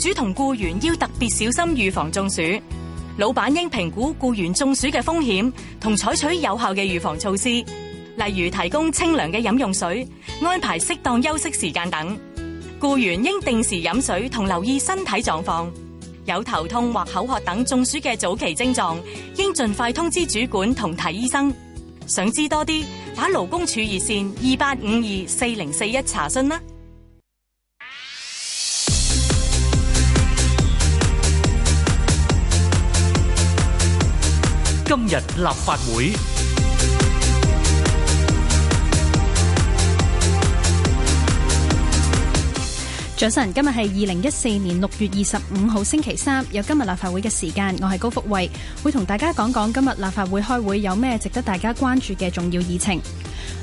主同僱員要特別小心預防中暑，老闆應評估僱員中暑嘅風險，同採取有效嘅預防措施，例如提供清涼嘅飲用水、安排適當休息時間等。僱員應定時飲水同留意身體狀況，有頭痛或口渴等中暑嘅早期症狀，應盡快通知主管同睇醫生。想知多啲，打勞工處熱線二八五二四零四一查詢啦。今日立法會，早晨，今日係二零一四年六月二十五號星期三。有今日立法會嘅時間，我係高福慧，會同大家講講今日立法會開會有咩值得大家關注嘅重要議程。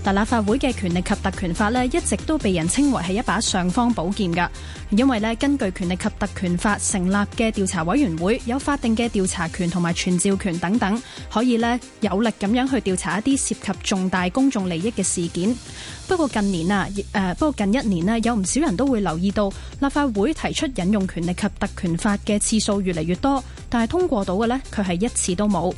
但立法會嘅《權力及特權法》呢，一直都被人稱為係一把尚方寶劍㗎，因為呢，根據《權力及特權法》成立嘅調查委員會，有法定嘅調查權同埋傳召權等等，可以呢有力咁樣去調查一啲涉及重大公眾利益嘅事件。不過近年啊，誒、呃，不過近一年呢，有唔少人都會留意到，立法會提出引用《權力及特權法》嘅次數越嚟越多，但係通過到嘅呢，佢係一次都冇。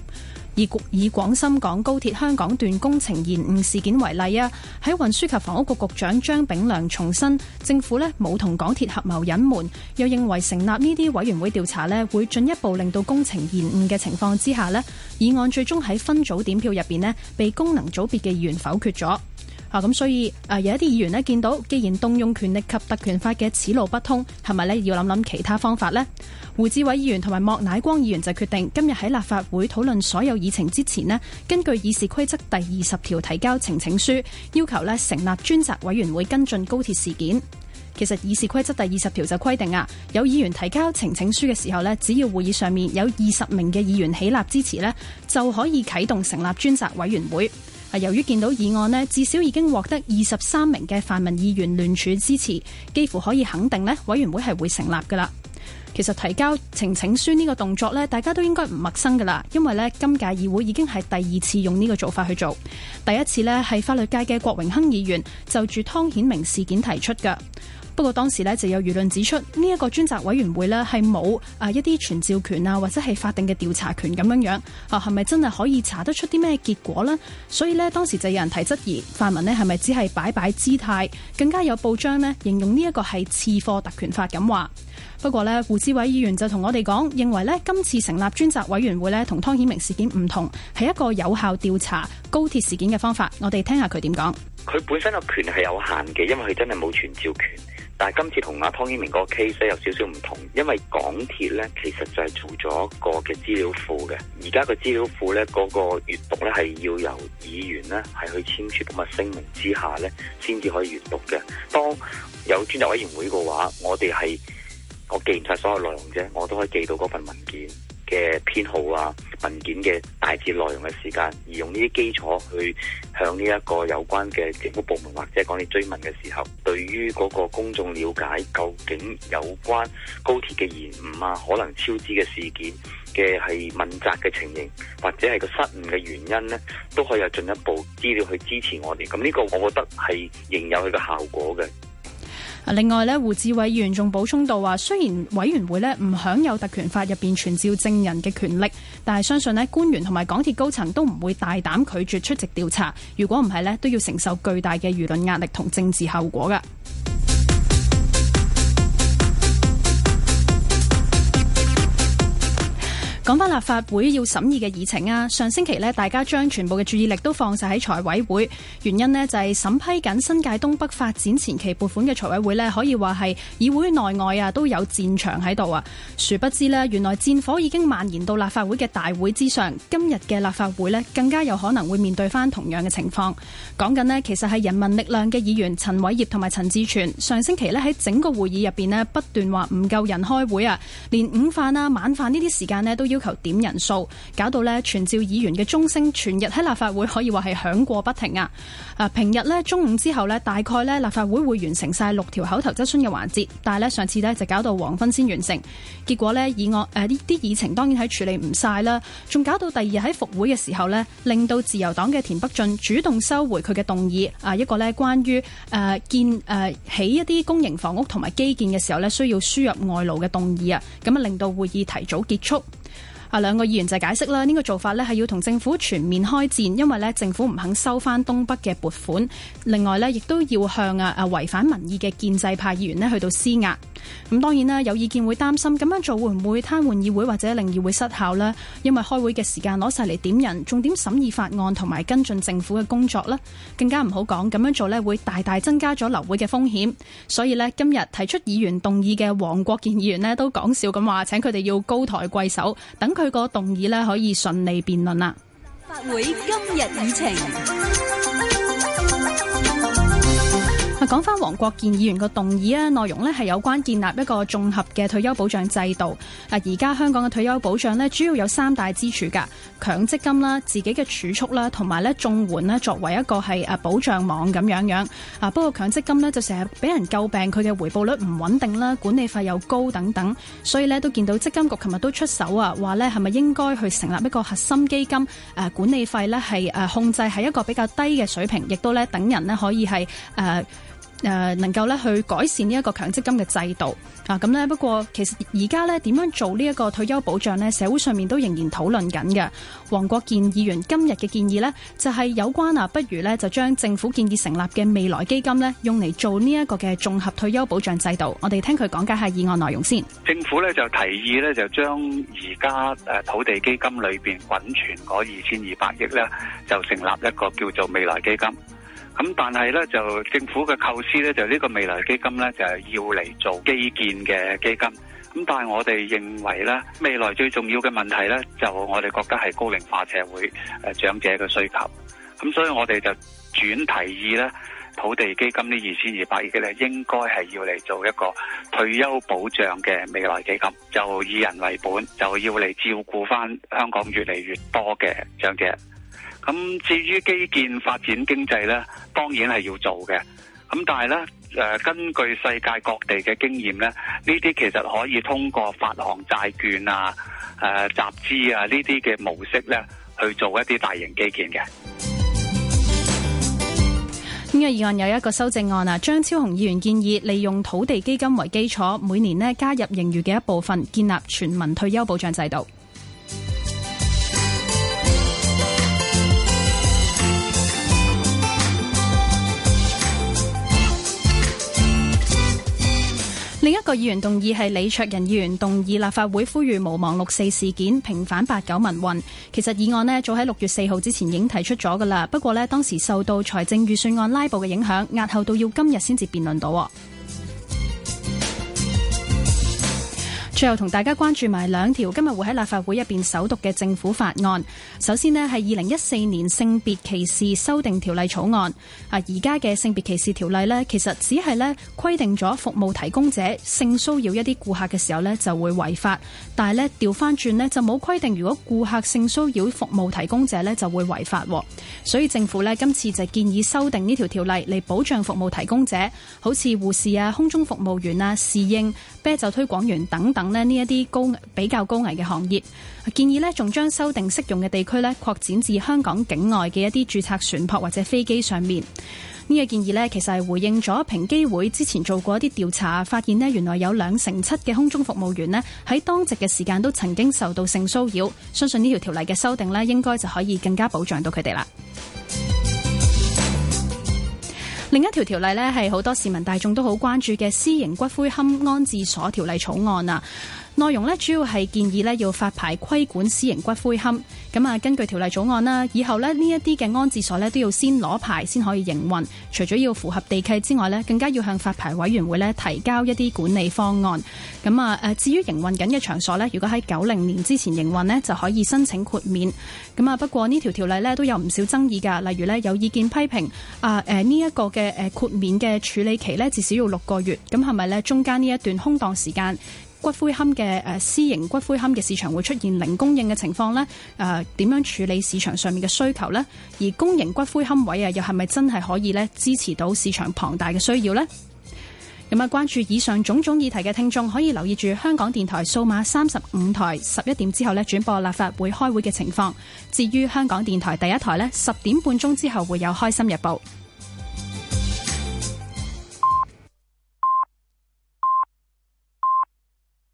以以廣深港高鐵香港段工程延誤事件為例啊，喺運輸及房屋局局長張炳良重申，政府咧冇同港鐵合謀隱瞞，又認為成立呢啲委員會調查咧，會進一步令到工程延誤嘅情況之下咧，議案最終喺分組點票入邊咧，被功能組別嘅議員否決咗。啊，咁所以，誒有一啲議員呢，見到，既然動用權力及特權法嘅此路不通，係咪咧要諗諗其他方法呢？胡志偉議員同埋莫乃光議員就決定今日喺立法會討論所有議程之前呢，根據議事規則第二十條提交呈請書，要求呢成立專責委員會跟進高鐵事件。其實議事規則第二十條就規定啊，有議員提交呈請書嘅時候呢，只要會議上面有二十名嘅議員起立支持呢，就可以啟動成立專責委員會。由於見到議案呢，至少已經獲得二十三名嘅泛民議員聯署支持，幾乎可以肯定委員會係會成立噶啦。其實提交呈請書呢個動作呢，大家都應該唔陌生噶啦，因為呢今屆議會已經係第二次用呢個做法去做，第一次咧係法律界嘅郭榮鏗議員就住湯顯明事件提出嘅。不過當時咧就有輿論指出，呢一個專責委員會咧係冇啊一啲傳召權啊，或者係法定嘅調查權咁樣樣啊，係咪真係可以查得出啲咩結果咧？所以咧當時就有人提質疑，泛民咧係咪只係擺擺姿態？更加有報章咧形容呢一個係次貨特權法咁話。不過咧，胡志偉議員就同我哋講，認為咧今次成立專責委員會咧同湯顯明事件唔同，係一個有效調查高鐵事件嘅方法。我哋聽下佢點講。佢本身個權係有限嘅，因為佢真係冇傳召權。但係今次同阿湯英明嗰個 case 有少少唔同，因為港鐵咧其實就係做咗一個嘅資料庫嘅，而家個資料庫咧嗰個閲讀咧係要由議員咧係去簽署咁嘅聲明之下咧先至可以閲讀嘅。當有專責委員會嘅話，我哋係我記唔晒所有內容啫，我都可以記到嗰份文件。嘅編號啊，文件嘅大致內容嘅時間，而用呢啲基礎去向呢一個有關嘅政府部門或者係講你追問嘅時候，對於嗰個公眾了解究竟有關高鐵嘅延誤啊，可能超支嘅事件嘅係問責嘅情形，或者係個失誤嘅原因咧，都可以有進一步資料去支持我哋。咁呢個我覺得係仍有佢嘅效果嘅。另外咧，胡志偉議員仲補充到話，雖然委員會咧唔享有《特權法》入邊傳召證人嘅權力，但係相信咧，官員同埋港鐵高層都唔會大膽拒絕出席調查。如果唔係咧，都要承受巨大嘅輿論壓力同政治後果㗎。講翻立法會要審議嘅議程啊！上星期呢，大家將全部嘅注意力都放曬喺財委會，原因呢，就係審批緊新界東北發展前期撥款嘅財委會呢可以話係議會內外啊都有戰場喺度啊！殊不知呢，原來戰火已經蔓延到立法會嘅大會之上，今日嘅立法會呢，更加有可能會面對翻同樣嘅情況。講緊呢，其實係人民力量嘅議員陳偉業同埋陳志全，上星期呢，喺整個會議入邊呢，不斷話唔夠人開會啊，連午飯啊、晚飯呢啲時間呢，都要，要求點人數，搞到呢傳召議員嘅鐘聲，全日喺立法會可以話係響過不停啊！誒，平日呢，中午之後呢，大概呢立法會會完成晒六條口頭質詢嘅環節，但係呢，上次呢就搞到黃昏先完成，結果呢，議案誒呢啲議程當然係處理唔晒啦，仲搞到第二日喺復會嘅時候呢，令到自由黨嘅田北俊主動收回佢嘅動議啊。一個呢關於誒建誒起、啊啊、一啲公營房屋同埋基建嘅時候呢，需要輸入外勞嘅動議啊，咁啊令到會議提早結束。啊兩個議員就解釋啦，呢、這個做法呢係要同政府全面開戰，因為呢政府唔肯收翻東北嘅撥款。另外呢，亦都要向啊啊違反民意嘅建制派議員呢去到施壓。咁當然啦，有意見會擔心咁樣做會唔會癱瘓議會或者令議會失效呢？因為開會嘅時間攞晒嚟點人，重點審議法案同埋跟進政府嘅工作啦。更加唔好講咁樣做呢，會大大增加咗流會嘅風險。所以呢，今日提出議員動議嘅黃國健議員呢，都講笑咁話：請佢哋要高抬貴手，等，佢個動議咧可以順利辯論啦。法會今日議程。講翻黃國健議員個動議啊，內容呢係有關建立一個綜合嘅退休保障制度。啊，而家香港嘅退休保障呢，主要有三大支柱噶，強積金啦、自己嘅儲蓄啦，同埋呢綜援啦。作為一個係啊保障網咁樣樣。啊，不過強積金呢，就成日俾人詬病，佢嘅回報率唔穩定啦，管理費又高等等，所以呢，都見到積金局琴日都出手啊，話呢係咪應該去成立一個核心基金？誒，管理費呢，係誒控制喺一個比較低嘅水平，亦都呢等人呢，可以係誒。呃誒、呃，能夠咧去改善呢一個強積金嘅制度啊，咁咧不過其實而家咧點樣做呢一個退休保障咧，社會上面都仍然討論緊嘅。黃國健議員今日嘅建議咧，就係、是、有關啊，不如咧就將政府建議成立嘅未來基金咧，用嚟做呢一個嘅綜合退休保障制度。我哋聽佢講解下議案內容先。政府咧就提議咧，就將而家誒土地基金裏邊滾存嗰二千二百億咧，就成立一個叫做未來基金。咁但係咧，就政府嘅構思咧，就呢個未來基金咧就係要嚟做基建嘅基金。咁但係我哋認為咧，未來最重要嘅問題咧，就我哋覺得係高齡化社會誒長者嘅需求。咁所以我哋就轉提議咧，土地基金呢二千二百億嘅咧應該係要嚟做一個退休保障嘅未來基金，就以人為本，就要嚟照顧翻香港越嚟越多嘅長者。咁至於基建發展經濟咧，當然係要做嘅。咁但係咧、呃、根據世界各地嘅經驗咧，呢啲其實可以通過發行債券啊、呃、集資啊呢啲嘅模式呢去做一啲大型基建嘅。呢個議案有一個修正案啊，張超雄議員建議利用土地基金為基礎，每年呢加入盈餘嘅一部分，建立全民退休保障制度。另一個議員動議係李卓人議員動議，立法會呼籲無忘六四事件，平反八九民運。其實議案呢早，喺六月四號之前已經提出咗噶啦，不過呢，當時受到財政預算案拉布嘅影響，押後到要今日先至辯論到。最後同大家關注埋兩條今日會喺立法會入邊首讀嘅政府法案。首先呢，係二零一四年性別歧視修訂條例草案。啊，而家嘅性別歧視條例呢，其實只係呢規定咗服務提供者性騷擾一啲顧客嘅時候呢就會違法，但係呢，調翻轉呢，就冇規定如果顧客性騷擾服務提供者呢就會違法。所以政府呢，今次就建議修訂呢條條例嚟保障服務提供者，好似護士啊、空中服務員啊、侍應、啤酒推廣員等等。呢一啲高比較高危嘅行業，建議呢仲將修訂適用嘅地區呢擴展至香港境外嘅一啲註冊船舶或者飛機上面。呢個建議呢其實係回應咗平機會之前做過一啲調查，發現呢原來有兩成七嘅空中服務員呢喺當值嘅時間都曾經受到性騷擾，相信呢條條例嘅修訂呢應該就可以更加保障到佢哋啦。另一條條例呢，係好多市民大眾都好關注嘅私營骨灰龕安置所條例草案啊。內容咧，主要係建議咧，要發牌規管私營骨灰龕。咁啊，根據條例草案啦，以後呢呢一啲嘅安置所呢都要先攞牌先可以營運。除咗要符合地契之外呢，更加要向發牌委員會呢提交一啲管理方案。咁啊，誒，至於營運緊嘅場所呢，如果喺九零年之前營運呢，就可以申請豁免。咁啊，不過呢條條例呢都有唔少爭議噶，例如呢有意見批評啊，誒呢一個嘅誒豁免嘅處理期呢至少要六個月，咁係咪呢？中間呢一段空檔時間？骨灰龕嘅，誒，私營骨灰龕嘅市場會出現零供應嘅情況呢，誒，點、呃、樣處理市場上面嘅需求呢？而公營骨灰龕位啊，又係咪真係可以咧支持到市場龐大嘅需要呢？咁呀，關注以上種種議題嘅聽眾，可以留意住香港電台數碼三十五台十一點之後咧轉播立法會開會嘅情況。至於香港電台第一台咧，十點半鐘之後會有開心日報。